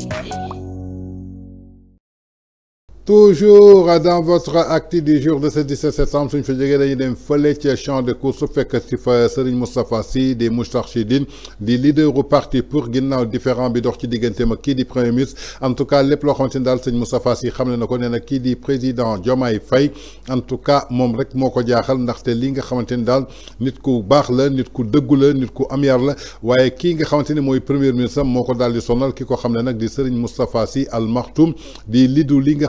Yeah. toujours dans votre acte du jour de ce 17 septembre suñ fa jógee dañuy dem fële ci champ de course fekk ci fa Serigne Moustapha Sy des Moustarchidine di leaderu parti pour ginnaaw différent bi dox ci digganteem ak di premier ministre en tout cas les loo xamante ni daal Serigne Moustapha Sy xam na ko di président Diomaye Faye en tout cas moom rek moo ko jaaxal ndaxte li nga xamante ni daal nit ku baax la nit ku dëggu la nit ku am la waaye kii nga premier ministre mon ko daal di sonal ki ko xam ne di Serigne Moustapha Sy Al Maktoum di leaders li nga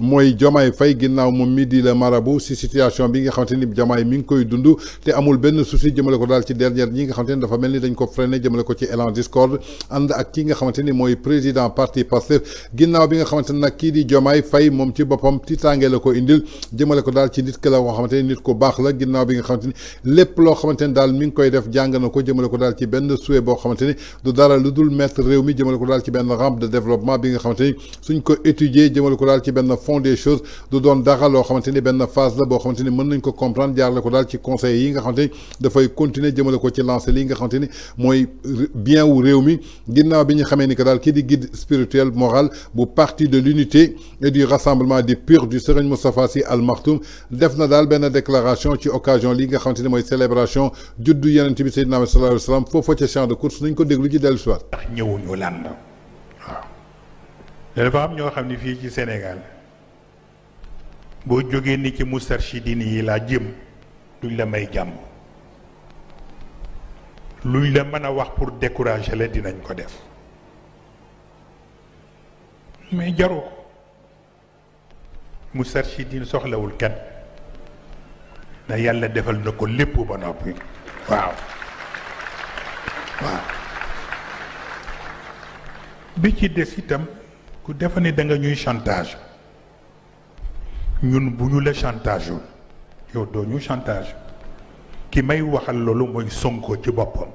moy jomay fay ginnaw mom midi le la marabu si situation bi nga xamanteni jomay mi ngi koy dund te amul ben souci jëmele ko dal ci dernière ñi nga xamanteni dafa melni dañ ko freiné jëmele ko ci élan discord ànd ak ki nga xamanteni moy président parti Pastef ginnaw bi nga xamanteni nak ki di jomay fay mom ci bopam tiitaange la ko indil jëmele ko dal ci nit ki la koo xamante nit ko bax la ginnaw bi nga xamanteni lépp lo xamanteni dal mi ngi koy def jàng na ko jëmele ko dal ci ben souhait bo xamanteni du dara lu maître mettre réew mi jëmele ko dal ci ben rampe de développement bi nga xamanteni suñ ko étudier jëmele ko dal ci ben fond des choses du don dara lo xamanteni ben phase la bo xamanteni meun nañ ko comprendre jaarale ko dal ci conseil yi nga xamanteni da fay continuer jëmale ko ci lancer li nga xamanteni moy bien ou réew mi ginnaaw bi ñu ni dal guide spirituel moral bu parti de l'unité et du rassemblement des pures du Serigne Moussa Sy Al Maktoum def na ben déclaration ci occasion li nga xamanteni moy célébration juddu Yonent bi Seydina Muhammad sallallahu alayhi wa sallam foofa champ de course nañ ko déglu ci dellu si ñewu ñu lan dafa am ñoo xam ne ci Sénégal. boo jógee ni ci mustarshidin yi laa jëm duñ la may jàmm luñ la mën a wax pour décourager la dinañ ko def mais jaroo ko mustarshidin soxlawul kenn na yàlla defal na ko lépp ba noppi waaw waaw bi ci des itam ku defa ne da nga ñuy chantage ñun bu ñu la chantage yow doo ñu chantage ki may waxal loolu moy Sonko ci bopam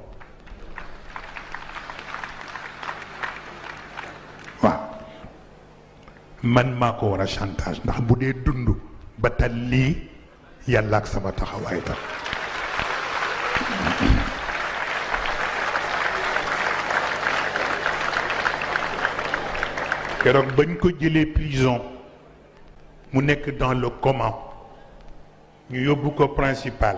wa man mako wara chantage ndax bu dee dund ba tal lii yàlla ak sama taxawaay tax keroog bañ ko jëlé prison mu nekk dans le comment ñu yóbbu ko principal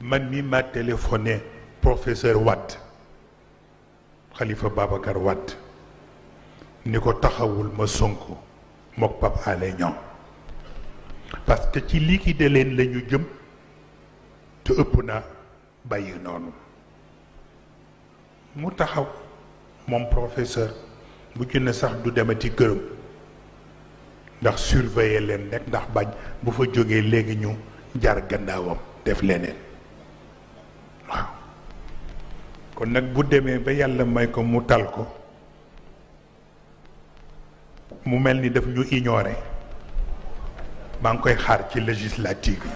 man mi ma téléphoné professeur Watt Khalifa Babacar Watt ni ko taxawul ma Sonko mook Pape Alé Niang parce que ci liquider leen la ñu jëm te ëpp na bàyyi mu taxaw moom professeur bu ci sax du demati këram ndax surveiller leen rek ndax bañ bu fa jógee léegi ñu jar gannaawam def leneen kon nak bu demee ba yàlla may ko mu tal ko mu mel ni daf ñu ignoré maa ngi koy xaar ci législative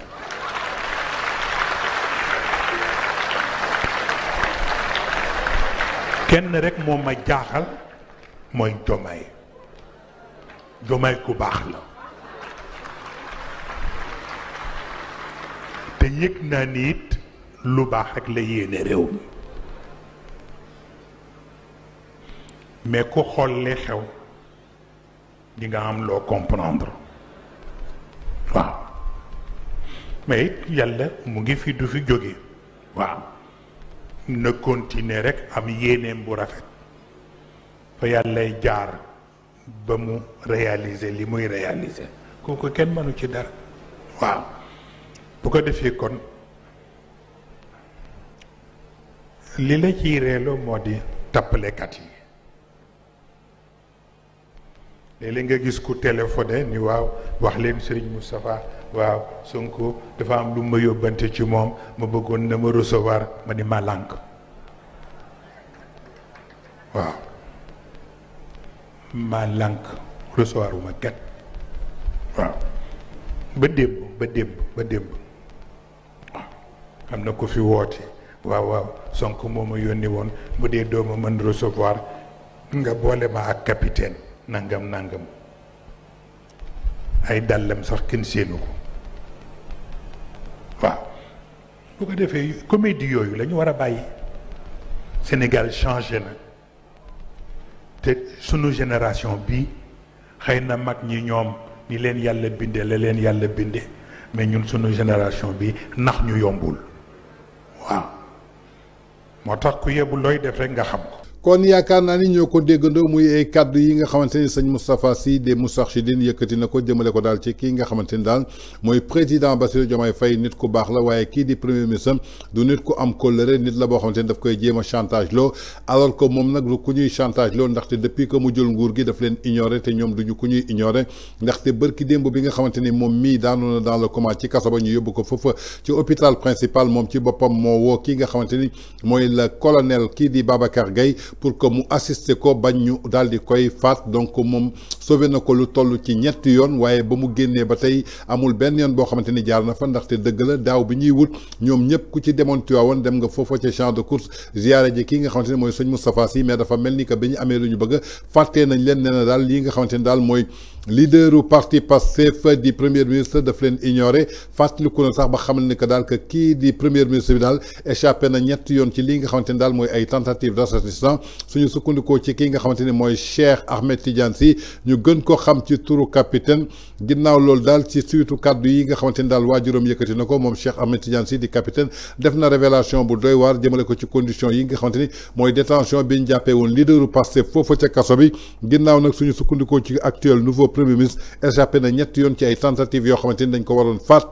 kenn rek moo ma jaaxal mooy jomaay جمايكو باخلا تيك نانيت لو باخك لا يين مي كو خول لي خيو ديغا ام لو كومبراندر وا مي يالا موغي في دو في جوغي وا ن كونتيني ام يينم بو رافيت فيالاي جار ba mu réaliser li muy réaliser kooku kenn mënu ci dara waaw bu ko defee kon li la ciy reeloo moo di tappalekat yi léeg-léeg nga gis ku téléphoné ni waaw wax leen Serigne Moustapha waaw Sonko dafa am lu ma yóbbante ci moom ma bëggoon na ma recevoir ma ni ma waaw maa lànk recevoir wu ma kat waaw ba démb ba démb ba démb waaw na ko fi woote waaw waaw sonk moo ma yónni woon bu dee dooma mën recevoir nga boole ma ak capitaine nàngam nangam ay dàllam sax kenn séenu ko waaw bu ko defee comédie yooyu la war a bàyyi Sénégal changé na te une génération bi gens qui ñi ñoom ni leen yàlla binde nous leen yàlla binde mais ñun génération bi nax ñu yombul waaw tax kon yaakaar naa ni ñoo ko déggandoo muy ay kaddu yi nga xamante ni sëñ Moustapha de des Moustarchidine yëkkati na ko jëmale ko daal ci kii nga xamante ni daal mooy président Bassirou Diomaye Faye nit ku baax la waaye kii di premier ministre du nit ku am kóllëre nit la boo xamante ni daf koy jéem a chantage loo alors que moom nag du ku ñuy chantage loo ndaxte depuis que mu jël nguur gi daf leen ignoré te ñoom duñu ku ñuy ignoré ndaxte barki démb bi nga xamante ni moom mii na dans le coma ci kaso ba ñu yóbbu ko foofa ci hôpital principal moom ci boppam moo woo kii nga xamante ni mooy le colonel kii di Babacar Gaye pour que mu assisté ko bañ ñu daal di koy faat donc moom sauvé na ko lu toll ci ñetti yoon waaye ba mu génnee ba tey amul benn yoon boo xamante ni jaar na fa ndaxte dëgg la daaw bi ñuy wut ñoom ñëpp ku ci demoon Tiwaawoon dem nga foofa ca champ de course ziyaare ji kii nga xamante ne mooy sëñ Moustapha Sy mais dafa mel ni que bi ñu amee lu ñu bëgg fàttee nañ leen nee na daal lii nga xamante ni daal mooy leaderu parti Pastef di premier ministre daf leen ignoré fàttaliku na sax ba xamal ni que daal que kii di premier ministre bi dal échappé na ñett yoon ci li nga xamanteni dal moy ay tentative d'assassinat suñu sukkandikoo ci ki nga xamanteni moy Cheikh Ahmed Tidiane Sy ñu gën ko xam ci turu capitaine ginnaw lool dal ci suitu cadre yi nga xamanteni dal wajurum yëkëti nako mom Cheikh Ahmed Tidiane Sy di capitaine def na révélation bu doy war jëmele ko ci condition yi nga xamanteni moy détention bi ñu jàppee woon leaderu Pastef fofu ci kasso bi ginnaw nak suñu sukkandikoo ci actuel nouveau premier ministre échappé na ñetti yoon ci ay tentatives yoo xamante dañ ko waroon faat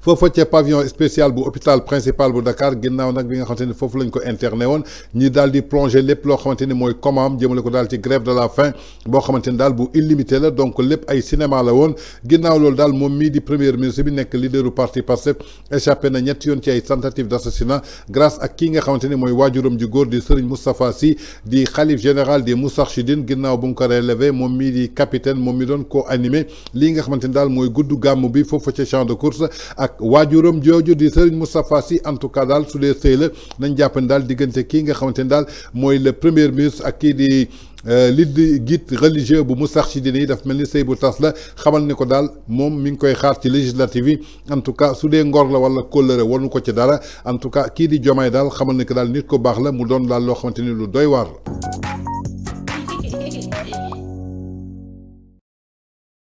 fofu ca pavillon spécial bu hôpital principal bu Dakar ginnaw nak bi nga xamanteni fofu lañ ko interné won ñi dal di plonger lepp lo xamanteni moy mooy commande ko dal ci grève de la faim bo xamanteni dal bu illimité la donc lepp ay cinéma la won ginnaw lool dal mom mi di premier ministre bi leader du parti Pastef échappé na ñet yoon ci ay tentative d'assassinat grâce ak ki nga xamanteni moy wajurum waajuram ju góor di Serigne Moustapha Sy di xalif général des Moustarchidine ginnaw bu mu ko relevé mom mi di capitaine mom mi don ko animé li nga xamanteni dal moy mooy gamu bi fofu ca champ de course ak waajuram jooju di Serigne Moustapha Sy en tout cas daal su dee sëy la nañ jàpp ne daal diggante kii nga xamante ne daal mooy le première ministre ak kii di euh, li di guide religieux bu Moustarchidine yi daf mel ni sëy bu tas la xamal ni ko daal moom mi ngi koy xaar ci législative yi en tout cas su dee ngor la wala kóllëre wanu ko ci dara en tout cas kii di Diomaye daal xamal ni ko daal nit ko baax la mu doon daal xamante ni lu doy waar